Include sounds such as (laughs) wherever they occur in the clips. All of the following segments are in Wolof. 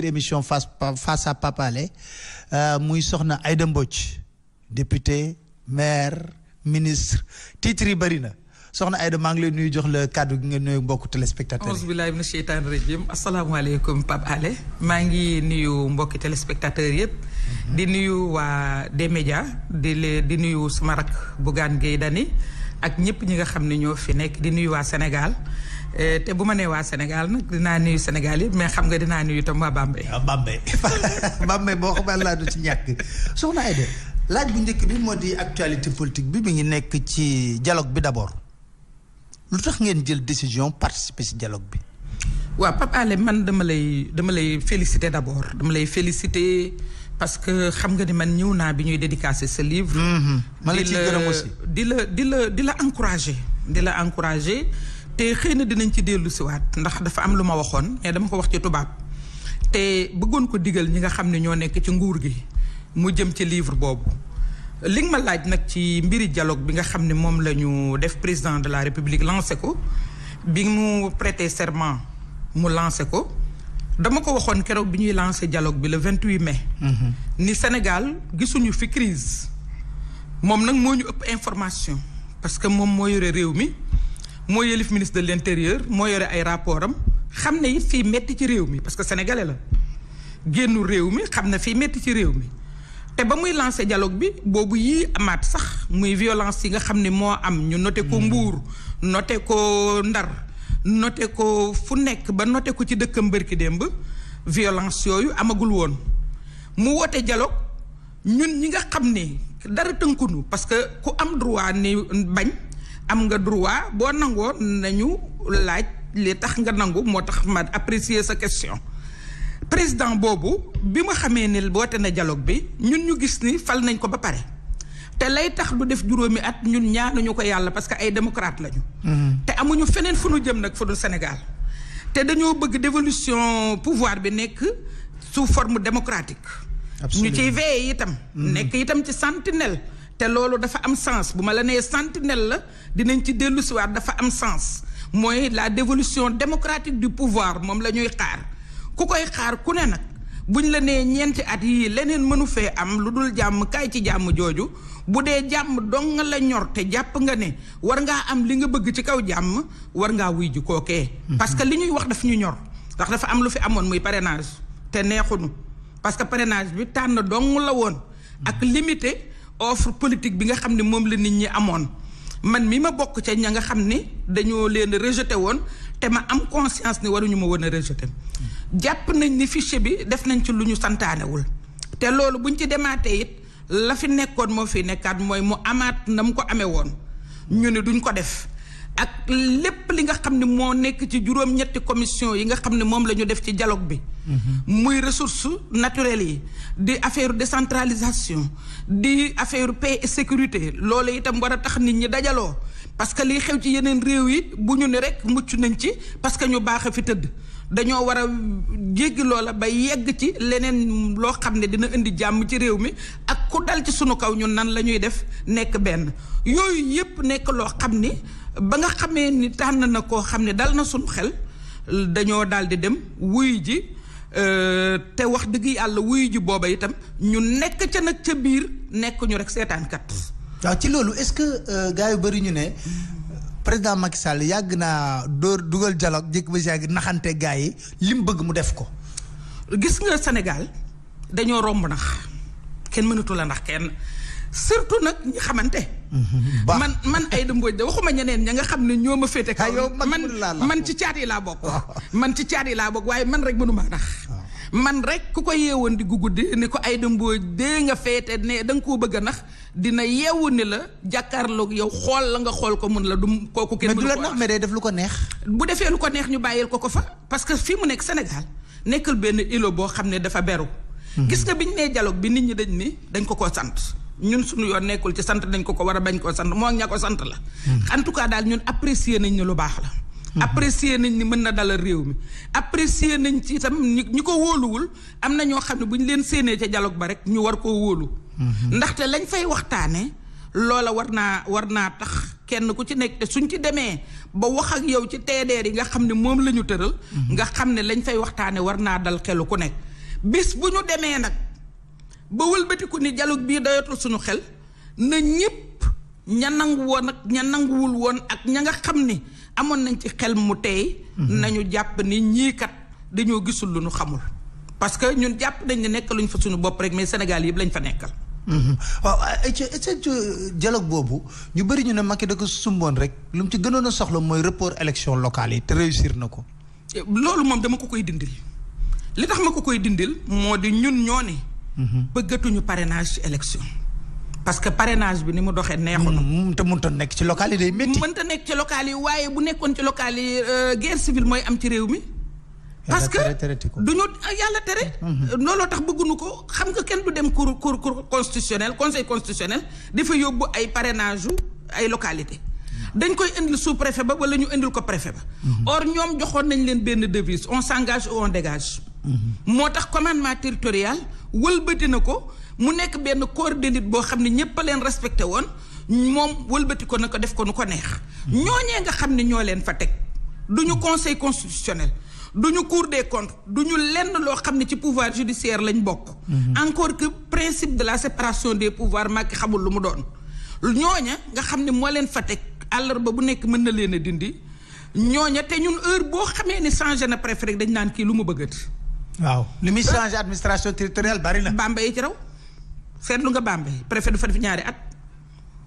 émission face face à euh, muy soxna Aïda Mbodj député maire ministre titre yi bëri na soxna Aïda maa ngi lay nuyu jox la kàddu gi nga nuyu mbokku téléspectateur yi. auzu billaahi mina sheytaani rajiim asalaamaaleykum Pape maa ngi nuyu mbokki téléspectateur yëpp. Mhm. di nuyu waa des médias di leen di nuyu sama rak Bougane Gueye Dany ak ñëpp ñi nga xam ne ñoo fi nekk di nuyu waa Sénégal. Eh, te bu ma nee waa Sénégal nag dinaa nuyu Sénégal yëpp mais xam nga dinaa nuyu tam waa Bambey. waaw ah, Bambey (laughs) Bambey boo xam ne laaj bu njëkk bi moo di actualité politique bi mi ngi nekk ci dialogue bi d'abord lu tax ngeen jël décision participer ci dialogue bi. waaw Pape Alé man dama lay dama lay féliciter d'abord dama lay félicité parce que xam nga ni man ñëw naa bi ñuy dédicacer sa livre. Mhm. la di la di la di la encourager di la encourager te xëy na dinañ ci dellu siwaat ndax dafa am lu ma waxoon mais dama ko wax ci tubaab te bëggoon ko digal ñi nga xam ne ñoo nekk ci nguur gi mu jëm ci livre boobu li nga ma laaj nag ci mbiri dialogue bi nga xam ne moom la ñu def président de la république lancé ko bi mu prêté serment mu lancé ko dama ko waxoon keroog bi ñuy lancé dialogue bi le 28 mai mm-hmm. ni Sénégal gisuñu fi crise moom nag moo ñu ëpp information parce que moom moo yore réew mi moo yëlif ministre de l' intérieur moo yore ay rapport am xam ne it fii metti ci réew mi parce que la génnu réew mi xam na fii metti ci réew mi te ba muy lancé jaloog bi boobu yi amaat sax muy violence yi nga xam ne moo am ñu noté hmm. Mbuur noté ko Ndar noté ko fu nekk ba noté ci dëkkam bërki démb violence yooyu amagul woon mu woote dialogue ñun ñi nga xam ne dara tënkunu parce que ku am droit ni bañ am nga droit boo nangoo nañu laaj li tax nga nangu moo tax ma apprécier sa question président boobu bi ma xamee ne boote na dialogue bi ñun ñu gis ni fal nañ ko ba pare te lay tax du def juróomi at ñun ñaanuñu ko yàlla parce que ay démocrate lañu. Mm-hmm. te amuñu feneen fu nu jëm nag fu dul Sénégal. te dañoo bëgg dévolution pouvoir bi nekk sous forme démocratique. ñu ciy veillé itam. Mm-hmm. nekk itam ci sentinelle. te loolu dafa am sens bu ma la nee sentinelle la dinañ ci dellu si waat dafa am sens mooy la dévolution démocratique du pouvoir moom la ñuy xaar ku koy xaar ku ne nag buñ la nee ñeenti at yii leneen mënu fee am lu dul jàmm kaay ci jàmm jooju bu dee jàmm dong la ñor te jàpp nga ne war ngaa am li nga bëgg ci kaw jàmm war ngaa wuy ji kookee mhm. parce que li ñuy wax daf ñu ñor ndax dafa am lu fi amoon muy parrainage te neexunu parce que parrainage bi tànn dong la woon ak limité offre politique bi nga xam ne moom la nit ñi amoon man mi ma bokk ca ña nga xam ni dañoo leen rejeté woon te ma am conscience ni waruñu ma woon a rejeté jàpp nañ ni fichier bi def nañ ci lu ñu santaanewul te loolu buñ ci demaate it la fi nekkoon moo fi nekkaat mooy mu amaat na mu ko amee woon ñu ne duñ ko def ak lépp li nga xam ni moo nekk ci juróom-ñetti commission yi nga xam ne moom la ñu def ci dialogue bi muy ressources naturelles yi di affaire décentralisation di affaire paix et sécurité loolu itam war a tax nit ñi dajaloo parce que liy xew ci yeneen réew yi bu ñu ne rek mucc nañ ci parce que ñu baax a fi tëdd dañoo war a jéggi loola ba yegg ci leneen loo xam ne dina indi jàmm ci réew mi ak ku dal ci suñu kaw ñun nan la ñuy def nekk benn yooyu yépp nekk loo xam ni ba nga xamee ni tànn na koo xam ne dal na suñu xel dañoo daal di dem wuy ji euh, te wax dëgg yàlla wuy ji booba itam ñu nekk ca nag ca biir nekk ñu rek seetaankat waaw ci loolu est-ce que euh, gars yu bari ñu ne président Macky Sall yàgg naa dóor dugal dialogue jékk ba yàgg naxante gars yi li mu bëgg mu def ko gis nga senegal dañoo romb nax kenn mënatu la ndax kenn surtout nag ñi xamante Mm-hmm. man man Aïda Mbodj da waxuma ñeneen ña nga xam ne ñoo ma féete kaw ah, man man ci caat yi laa bokk ah. man ci caat yi waaye man rek mënuma ndax ah. man rek ku ko yeewoon di guddi ni ko Aïda Mbodj dee nga feete ne da nga koo bëgg a nax dina yeewu ni la jàkkaarloog yow xool la nga xool ko mun la du kooku kenn du la nax mais day def lu ko neex bu defee lu ko neex ñu bàyyil ko ko fa parce que fii mu nekk Sénégal nekkal benn îlot boo xam ne dafa beru mm-hmm. gis nga biñ nee dialogue bi nit ñi dañ ni dañ ko koo sant ñun suñu yoon nekkul ci sant nañ ko ko war a bañ koo sant moo ña ko sant la. en tout cas daal ñun apprécier nañ ne lu baax la. apprécier nañ ni mën na dalal réew mi apprécier nañ ci itam ñi ko wóoluwul am na ñoo xam ne bu ñu leen séenee ca dialogue ba rek ñu war koo wóolu mhm. ndaxte lañ fay waxtaanee loola war naa war naa tax kenn ku ci nekk suñ ci demee ba wax yow ci teedeer yi nga xam ne moom la ñu tëral mhm. nga xam ne lañ fay waxtaanee war naa dal xelu ku nekk bis bu ñu demee nag ba wëlbatiku ni dialogue bii dayatul suñu xel na ñépp ña nangu woon ak nanguwul woon ak ña nga xam ni amoon nañ ci xel mu tey mhm. nañu jàpp ni ñii kat dañoo gisul lu ñu xamul parce que ñun jàpp nañ ne nekkaluñ fa suñu bopp rek mais Sénégal yëpp lañ fa nekkal mhm. waaw ci ci dialogue boobu ñu bëri ñu ne Macky da ko sumboon rek lu mu ci gënoon soxla mooy report élection locale yi te réussir na ko eh, loolu moom dama ko koy dindil li tax ma ko koy dindil moo di ñun ñoo ne Mm-hmm. bëggatuñu parrainage ci élection. parce que parrainage bi ni mu doxee neexoon. Mm-hmm. te mënta nekk ci localité yi day métti. mënta nekk ci local yi waaye bu nekkoon ci local yi euh, guerre civile mooy am ci réew mi. parce que du ñu ah, yàlla tere. Mm-hmm. looloo tax bëgguñu ko xam nga kenn du dem cour cour cour constitutionnel conseil constitutionnel dafa yóbbu ay parrainage ay localité dañ koy indil sous préfet ba wala ñu indil ko préfet ba. or ñoom joxoon nañ leen benn devise on s'engage ou on dégage. moo tax commandement territorial wëlbati na ko mu nekk benn corps d'élite boo xam ne ñëpp a leen respecté woon moom wëlbati ko na def ko nu ko neex. ñooñee nga xam ne ñoo leen fa teg du ñu conseil constitutionnel du ñu cour des comptes du ñu lenn loo xam ne ci pouvoir judiciaire lañ bokk. Mm-hmm. encore que principe de la séparation des pouvoirs Macky xamul lu mu doon. ñooña nga xam ne moo leen fa teg ba bu nekk mën na leen a dindi ñooña te ñun heure boo xamee ni changé na préfet dañ naan kii lu mu bëggati. waaw li muy changé administration territoriale bari na. Bambey yi ci raw seetlu nga Bambey préfet du fa def ñaari at.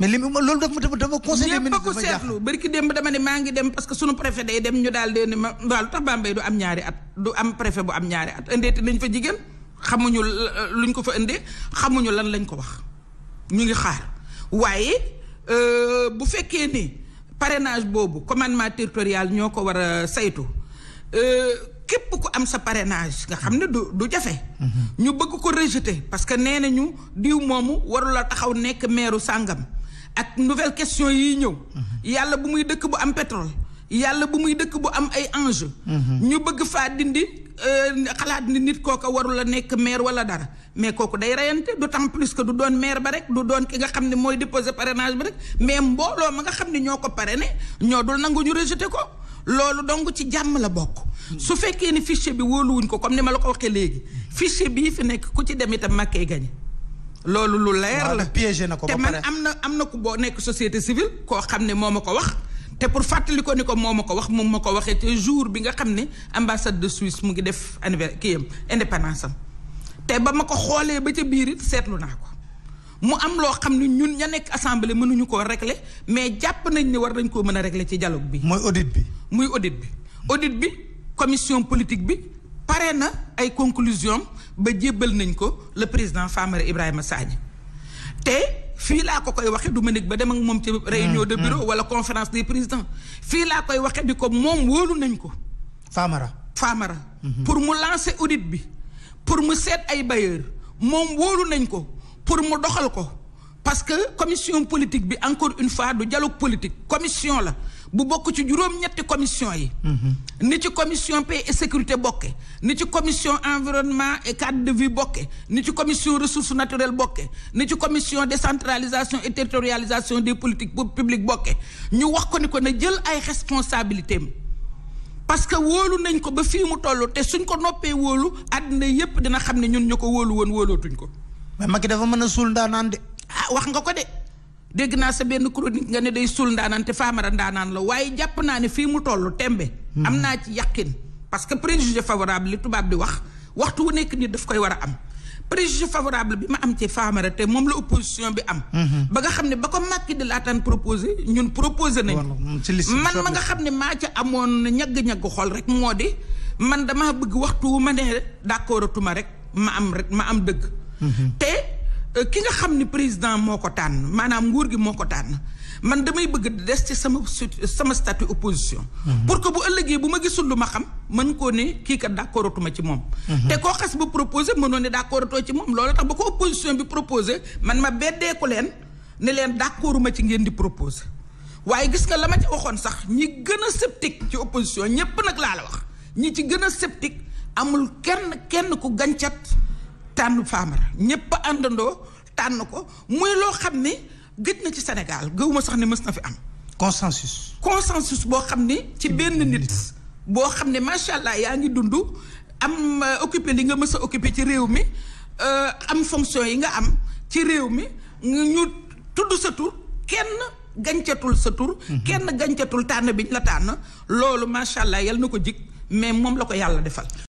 mais li mu loolu nag dama dama conseillé. ministre ko seetlu bari ne maa ngi dem parce que sunu préfet day dem ñu daal di ne ma waaw lu tax Bambey du am ñaari at du am préfet bu am ñaari at indeeti nañ fa jigéen xamuñu luñ ko fa indee xamuñu lan lañ ko wax ñu ngi xaar waaye euh, bu fekkee ni parrainage boobu commandement territorial ñoo ko war a saytu. Euh, képp ku am sa parrainage nga xam mm-hmm. ne du du jafe. Mm-hmm. ñu bëgg ko rejeter parce que nee nañu diw moomu warula taxaw nekk meeru sàngam ak nouvelle question yiy ñëw. Mm-hmm. yàlla bu muy dëkk bu am pétrole. yàlla bu muy dëkk bu am ay enjeu. ñu bëgg faa dindi euh, xalaat ni nit kooka warula nekk maire wala dara mais kooku day reyante d'autant plus que du doon maire ba rek du doon ki nga xam ne mooy déposé parrainage bi rek mais mbooloo ma nga xam ni ñoo ko parrainé ñoo dul nangu ñu rejeté ko. loolu dong ci jàmm la bokk su fekkee ni fichier bi wóoluwuñ ko comme ni ma la ko waxee léegi fichier bii fi nekk ku ci dem itam màkkee gañe loolu lu leer la na ko te man am na am na ku boo nekk société civile koo xam ne moo ma ko wax te pour fàttali ko ni ko moo ma ko wax moom ma ko waxee te jour bi nga xam ne ambassade de Suisse mu ngi def anniversaire kii am indépendance am te ba ma ko xoolee ba ca biir it seetlu naa ko mu am loo xam ne ñun ña nekk assemblée mënuñu koo régler mais jàpp nañ ne war nañ koo mën a régler ci dialogue bi. mooy audit bi. muy audit bi audite bi commission politique bi pare na ay conclusion ba jébbal nañ ko le président Famara Ibrahima Sagna te. fii laa ko koy waxe du ma nekk ba dem ak moom ci réunion mm, de bureau mm. wala conférence des présidents fii laa koy waxe di ko moom wóolu nañ ko faamara faamara mm-hmm. pour mu lancer audite bi pour mu seet ay bailleurs moom wóolu nañ ko pour mu doxal ko parce que commission politique bi encore une fois du dialogue politique commission la bu bokk ci juróom-ñetti commission yi mm-hmm. ni ci commission paix et sécurité bokke ni ci commission environnement et cadre de vie bokke ni ci commission ressources naturelles bokke ni ci commission décentralisation et territorialisation des politiques publiques bokke ñu wax ko ni ko na jël ay responsabilités am parce que wóolu nañ ko ba fii mu toll te suñ ko noppee wóolu àddina yépp dina xam ne ñun ñu ko wóolu woon wóolootuñ ko mais Macky dafa mën a suul ndaanaan de. Ah, wax nga ko de dégg naa sa benn chronique nga ne day suul ndaanaan te faamara ndaanaan la waaye jàpp naa ne fii mu toll tembe. Hmm. am naa ci yàqin parce que préjugé favorable tubaab di wax waxtu wu nekk nit daf koy war a am. préjugé favorable bi ma am ci Famara te moom la opposition bi am. Hmm. ba nga xam ne ba ko Macky di laataan proposé ñun proposé nañu. man ma nga xam ne maa ca amoon ñagg-ñagg xool rek moo di man damaa bëgg waxtu wu ma ne d'accord atuma rek ma am rek ma am dëgg. Hmm. Euh, ki nga xam ni président moo ko tànn maanaam nguur gi moo ko tànn man damay bëgg di des ci sama sama statut opposition. Mhm. pour que bu ëllëgee bu ma gisul lu ma xam mën koo ne kii kat d'accordatuma ci moom. Mhm. te koo xas ba proposé mënoo ne d'accordatoo ci moom loolu tax ba ko bi proposé man ma beddeeku leen ne leen d'accorduma ci ngeen di proposé. waaye gis nga la ma ci waxoon sax ñi gën a sceptique ci opposition ñépp nag laa la wax ñi ci gën a sceptique amul kenn kenn ku gàncat. tànn Famara ñëpp àndandoo tànn ko mooy loo xam ni gëj na ci Sénégal gëwuma sax ni mës na fi am. consensus. consensus boo xam ni ci benn nit. boo xam ne macha allah yaa ngi dund am euh, occupé li nga mës a occupé ci réew mi euh, am fonction yi nga am ci réew mi ñu tudd sa tur kenn gàncatul sa tur. Mhm. kenn gàncatul tànn biñ la tànn. loolu macha allah yal na ko jig mais moom la ko yàlla defal.